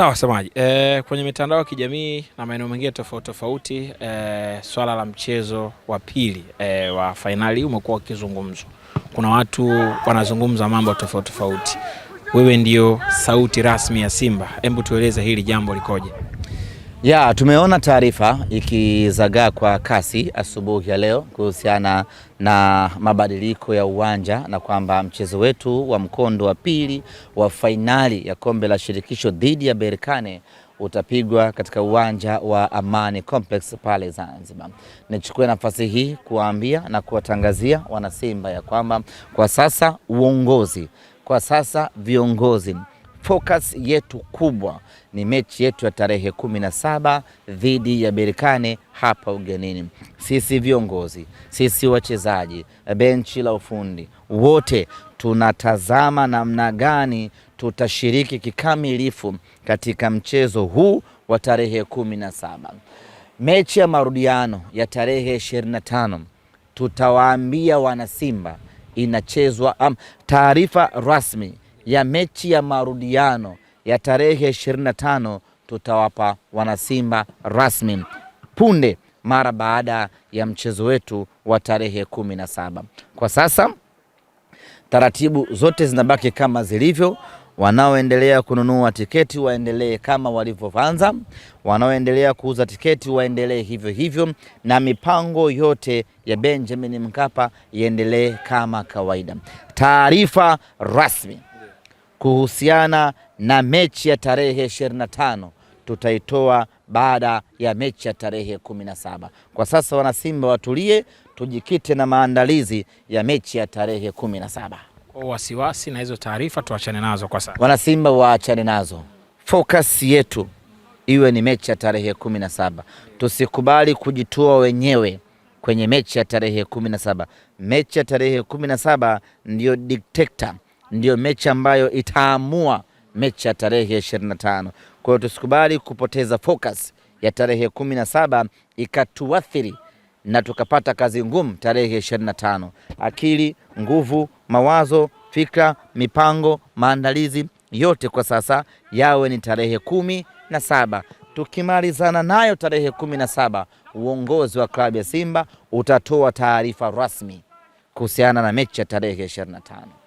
Sawa wasemaji e, eh, kwenye mitandao ya kijamii na maeneo mengine tofauti tofauti e, swala la mchezo wa pili e, wa fainali umekuwa ukizungumzwa. Kuna watu wanazungumza mambo tofauti tofauti. Wewe ndio sauti rasmi ya Simba, hebu tueleze hili jambo likoje? Ya, tumeona taarifa ikizagaa kwa kasi asubuhi ya leo kuhusiana na mabadiliko ya uwanja na kwamba mchezo wetu wa mkondo wa pili wa fainali ya kombe la shirikisho dhidi ya Berkane utapigwa katika uwanja wa Amani Complex pale Zanzibar. Nichukue nafasi hii kuwaambia na kuwatangazia wanasimba ya kwamba kwa sasa uongozi, kwa sasa viongozi focus yetu kubwa ni mechi yetu ya tarehe kumi na saba dhidi ya Berkane hapa ugenini. Sisi viongozi, sisi wachezaji, benchi la ufundi, wote tunatazama namna gani tutashiriki kikamilifu katika mchezo huu wa tarehe kumi na saba. Mechi ya marudiano ya tarehe ishirini na tano tutawaambia wanasimba inachezwa. Um, taarifa rasmi ya mechi ya marudiano ya tarehe 25 tutawapa wanasimba rasmi punde mara baada ya mchezo wetu wa tarehe kumi na saba. Kwa sasa taratibu zote zinabaki kama zilivyo. Wanaoendelea kununua tiketi waendelee kama walivyoanza, wanaoendelea kuuza tiketi waendelee hivyo hivyo, na mipango yote ya Benjamin Mkapa iendelee kama kawaida. Taarifa rasmi kuhusiana na mechi ya tarehe 25 tutaitoa baada ya mechi ya tarehe kumi na saba. Kwa sasa wanasimba watulie, tujikite na maandalizi ya mechi ya tarehe kumi na saba. Wasiwasi na hizo taarifa tuachane nazo kwa sasa, wanasimba waachane nazo, focus yetu iwe ni mechi ya tarehe kumi na saba. Tusikubali kujitoa wenyewe kwenye mechi ya tarehe kumi na saba. Mechi ya tarehe kumi na saba ndiyo dictator ndio mechi ambayo itaamua mechi ya tarehe ya ishirini na tano. Kwa hiyo tusikubali kupoteza focus ya tarehe kumi na saba ikatuathiri na tukapata kazi ngumu tarehe ya ishirini na tano. Akili, nguvu, mawazo, fikra, mipango, maandalizi yote kwa sasa yawe ni tarehe kumi na saba. Tukimalizana nayo tarehe kumi na saba, uongozi wa klabu ya Simba utatoa taarifa rasmi kuhusiana na mechi ya tarehe ya ishirini na tano.